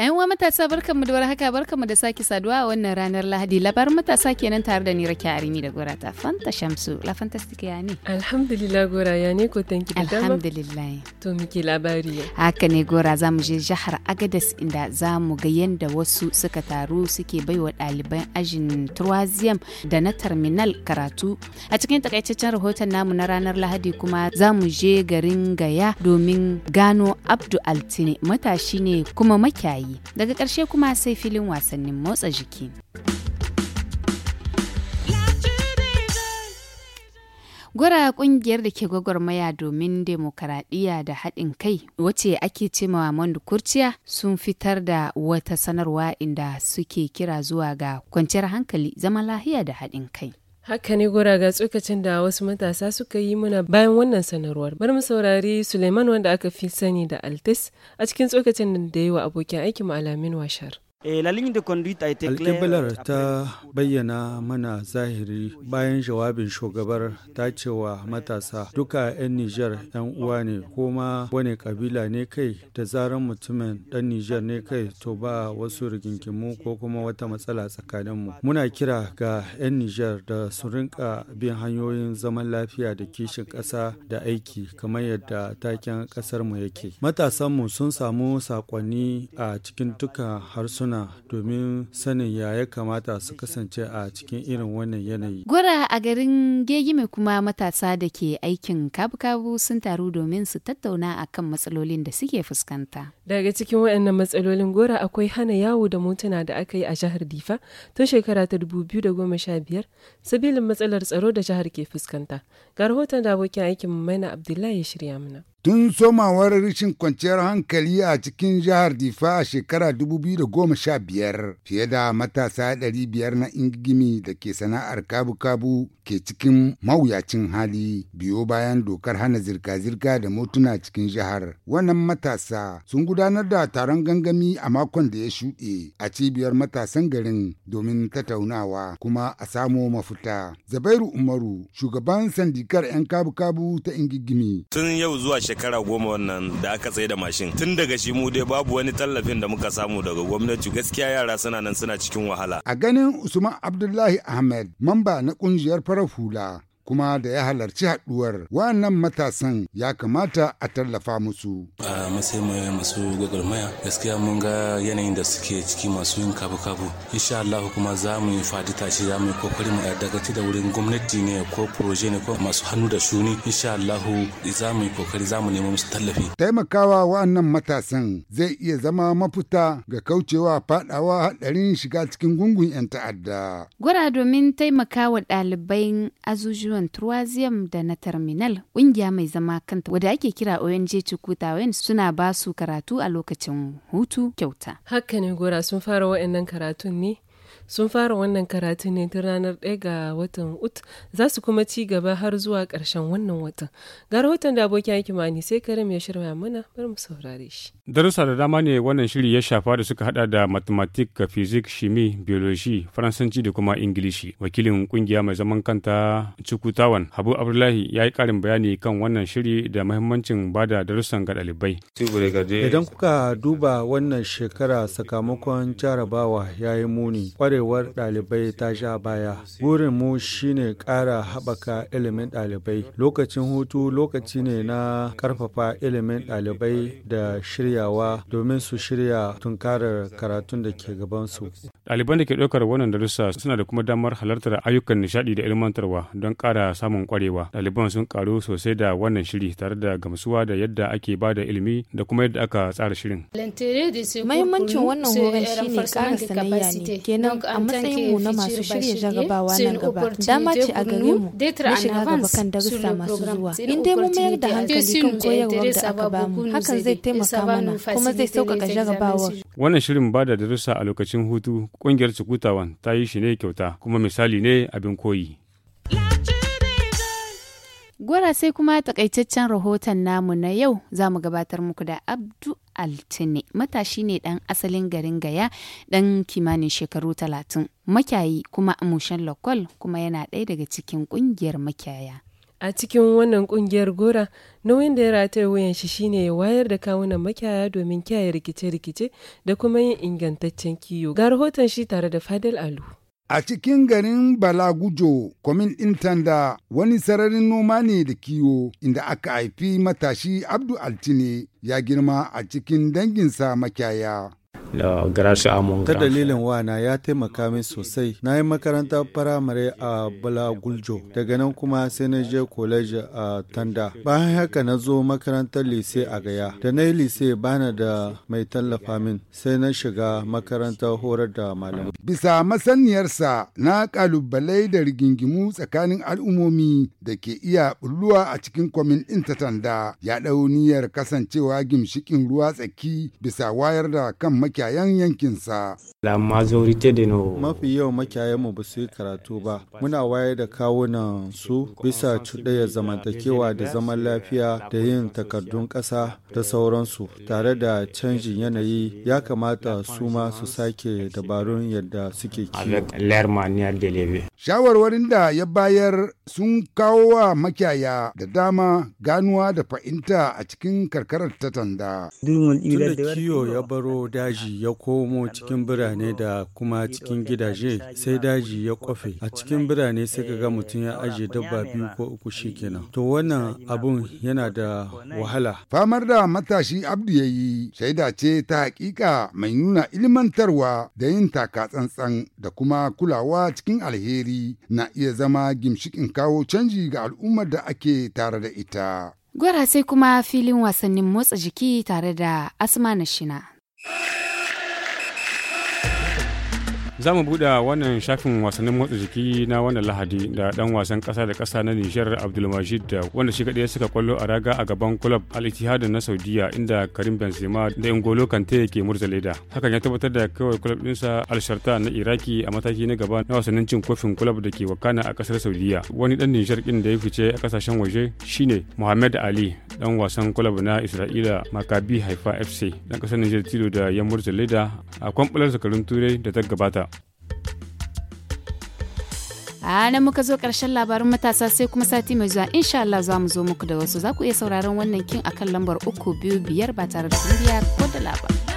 And uwa matasa mu da warhaka mu da sake saduwa a wannan ranar Lahadi labarin matasa kenan tare da ni Rakiya Arimi da Gora ta Fanta Shamsu la fantastic ya ne Alhamdulillah Gora ya ne ko tanki da dama Alhamdulillah to muke labari haka ne Gora za mu je jihar agadas inda za mu ga yanda wasu suka taru suke baiwa ɗaliban ajin turwaziyam da na terminal karatu a cikin takaitaccen rahoton namu na ranar Lahadi kuma za mu je garin Gaya domin gano Abdu Altine matashi ne kuma makiyayi daga ƙarshe kuma sai filin wasannin motsa jiki. Gwara kungiyar da ke gwagwarmaya domin demokaradiyya da haɗin kai wace ake cema mandu Kurciya sun fitar da wata sanarwa inda suke kira zuwa ga kwanciyar hankali zama lahiya da haɗin kai. Haka ne gora ga tsokacin da wasu matasa suka yi muna bayan wannan sanarwar. Bari mu saurari Suleiman wanda aka fi sani da Altis a cikin tsokacin da ya yi wa abokin aikin mu Alamin Washar. Eh, alƙiblar ta bayyana mana zahiri bayan jawabin shugabar ta cewa matasa duka 'yan Nijar 'yan uwa ne kuma wani kabila ne kai da zarar mutumin ɗan Nijar ne kai to ba wasu rigingimu ko kuma wata matsala tsakaninmu. Muna kira ga 'yan Nijar da su rinka bin hanyoyin zaman lafiya da kishin ƙasa da aiki kamar yadda taken ƙasarmu yake. Matasanmu sun samu saƙonni a cikin duka harsuna masana domin sanin ya ya kamata su kasance a cikin irin wannan yanayi. Gwara a garin Gegime kuma matasa da ke aikin kabu-kabu sun taru domin su tattauna akan matsalolin da suke fuskanta. Daga cikin waɗannan matsalolin gora akwai hana yawo da motuna da aka yi a jihar Difa tun shekara ta biyar sabilin matsalar tsaro da jihar ke fuskanta. Ga rahoton da abokin aikin Maina Abdullahi ya shirya mana. Tun somawar rashin kwanciyar hankali a cikin jihar Difa a shekara 2015 fiye da matasa 500 na ingimi da ke sana'ar kabu-kabu ke cikin mawuyacin hali biyo bayan dokar hana zirga-zirga da motuna cikin jihar. Wannan matasa sun gudanar da taron gangami a makon da ya shuɗe a cibiyar matasan garin domin tattaunawa kuma a samo mafita. Zabairu Umaru, shugaban sandikar 'yan kabu-kabu ta ingigimi. Tun yau zuwa shekara goma wannan da aka tsaye da mashin tun daga shi mu dai babu wani tallafin da muka samu daga gwamnati gaskiya yara suna nan suna cikin wahala a ganin usman abdullahi ahmed mamba na kungiyar farar hula kuma da ya halarci haɗuwar wannan matasan ya kamata a tallafa musu. A matsayin mai masu gwagwarmaya gaskiya mun ga yanayin da suke ciki masu yin kabu-kabu. Insha Allah kuma za mu yi fadi tashi za mu yi kokari mu dagaci da wurin gwamnati ne ko proje ne ko masu hannu da shuni. Insha Allah za mu yi kokari za mu nemo musu tallafi. Taimakawa wa'annan matasan zai iya zama mafuta ga kaucewa fadawa hadarin shiga cikin gungun 'yan ta'adda. Gwara domin taimakawa ɗalibai azuzuwan Union Troisième da na Terminal ƙungiya mai zama kanta wadda ake kira ONG Chukutawen suna ba su karatu a lokacin hutu kyauta. Haka ne gora sun fara waɗannan karatun ne sun fara wannan karatu ne tun ranar 1 ga watan ut za su kuma ci gaba har zuwa karshen wannan watan gara watan da abokin aiki mani sai karim ya shirya mana bar mu saurare shi darussa da dama ne wannan shiri ya shafa da suka hada da mathematics physics shimi biology faransanci da kuma ingilishi wakilin kungiya mai zaman kanta cukutawan habu abdullahi ya yi karin bayani kan wannan shiri da mahimmancin bada darussan ga ɗalibai idan kuka duba wannan shekara sakamakon jarabawa ya yi muni kwarewa kwarewar ɗalibai ta sha baya. Burin mu shine ƙara haɓaka ilimin ɗalibai. Lokacin hutu lokaci ne na ƙarfafa ilimin ɗalibai da shiryawa domin su shirya tunkarar karatun da ke gabansu. daliban da ke ɗaukar wannan darussa suna da kuma damar halartar ayyukan nishaɗi da ilmantarwa don ƙara samun ƙwarewa. Ɗaliban sun karu sosai da wannan shiri tare da gamsuwa da yadda ake ba da ilimi da kuma yadda aka tsara shirin. Mahimmancin wannan horon shine ƙara sanayya ne kenan a matsayin mu na masu shirya jarabawa nan gaba dama ce a gare mu na shiga gaba kan darussa masu zuwa in dai mun mayar da hankali kan koyarwar da aka bamu hakan zai taimaka mana kuma zai sauƙaƙa jarabawar wannan shirin ba da darussa a lokacin hutu ƙungiyar sukutawan ta yi shi ne kyauta kuma misali ne abin koyi Gora sai kuma takaitaccen rahoton namu na yau za mu gabatar muku da Abdu Altine matashi ne ɗan asalin garin Gaya ɗan kimanin shekaru talatin makyayi kuma Amushan lokol kuma yana ɗaya daga cikin ƙungiyar makyaya A cikin wannan ƙungiyar gora nauyin da ya rataya wuyan shi shine ya wayar da kawunan makyaya domin kiyaye rikice-rikice da kuma yin ingantaccen kiyo. Ga rahoton shi tare da Fadel Alu. A cikin garin Balagujo, kwamin ɗin tanda wani sararin noma ne da kiwo inda aka haifi matashi Abdu Altine ya girma a cikin danginsa makyaya. ta dalilin wana ya taimaka min sosai na yi makaranta firamare a bala guljo daga nan kuma sai na je college a tanda bayan haka na zo makarantar lise a gaya da na yi lise bana da mai tallafa min sai na shiga makarantar horar da malamai bisa masaniyarsa na kalubalai da rigingimu tsakanin al'ummomi da ke iya bulluwa a cikin kwamin din ta tanda ya ɗau niyyar kasancewa gimshikin ruwa tsaki bisa wayar da kan maki makiyayan yankinsa. Mafi yawan makiyayanmu ba su yi karatu ba, muna wayar da kawunan su bisa cuɗaya zamantakewa da zaman lafiya da yin takardun ƙasa da sauransu tare da canjin yanayi ya kamata su ma su sake dabarun yadda suke kiwo. Shawarwarin da ya bayar sun kawo wa makiyaya da dama ganuwa da fahimta a cikin karkarar ta tanda. Tunda kiyo ya baro daji ya komo cikin birane da kuma cikin gidaje sai daji ya kwafe a cikin birane sai ga mutum ya aje dabba biyu ko uku shi kenan. To wannan abun yana da wahala. Famar da matashi Abdu ya yi shaida ce ta hakika mai nuna ilmantarwa da yin taka tsantsan da kuma kulawa cikin alheri na iya zama gimshikin kawo canji ga al'ummar da ake tare da ita. Gwara sai kuma filin wasannin motsa jiki tare da Asma na Shina. za mu buɗe wannan shafin wasannin motsa jiki na wannan lahadi da ɗan wasan ƙasa da ƙasa na nijar abdulmajid wanda shi kaɗai suka kwallo a raga a gaban club al na saudiya inda karim benzema da ingolo kante ke murza leda hakan ya tabbatar da kawai club ɗinsa al sharta na iraki a mataki na gaba na wasannin cin kofin club da ke wakana a ƙasar saudiya wani ɗan nijar ɗin da ya fice a ƙasashen waje shine muhammad ali dan wasan kwalaba na isra'ila makabi haifa fc dan kasar nijar tilo da ya murza leda a kwamfular zakarun turai da ta gabata a nan muka zo karshen labarin matasa sai kuma sati mai zuwa insha Allah za mu zo muku da wasu za ku iya sauraron wannan kin akan lambar uku biyu biyar ba tare da kun ko da labarin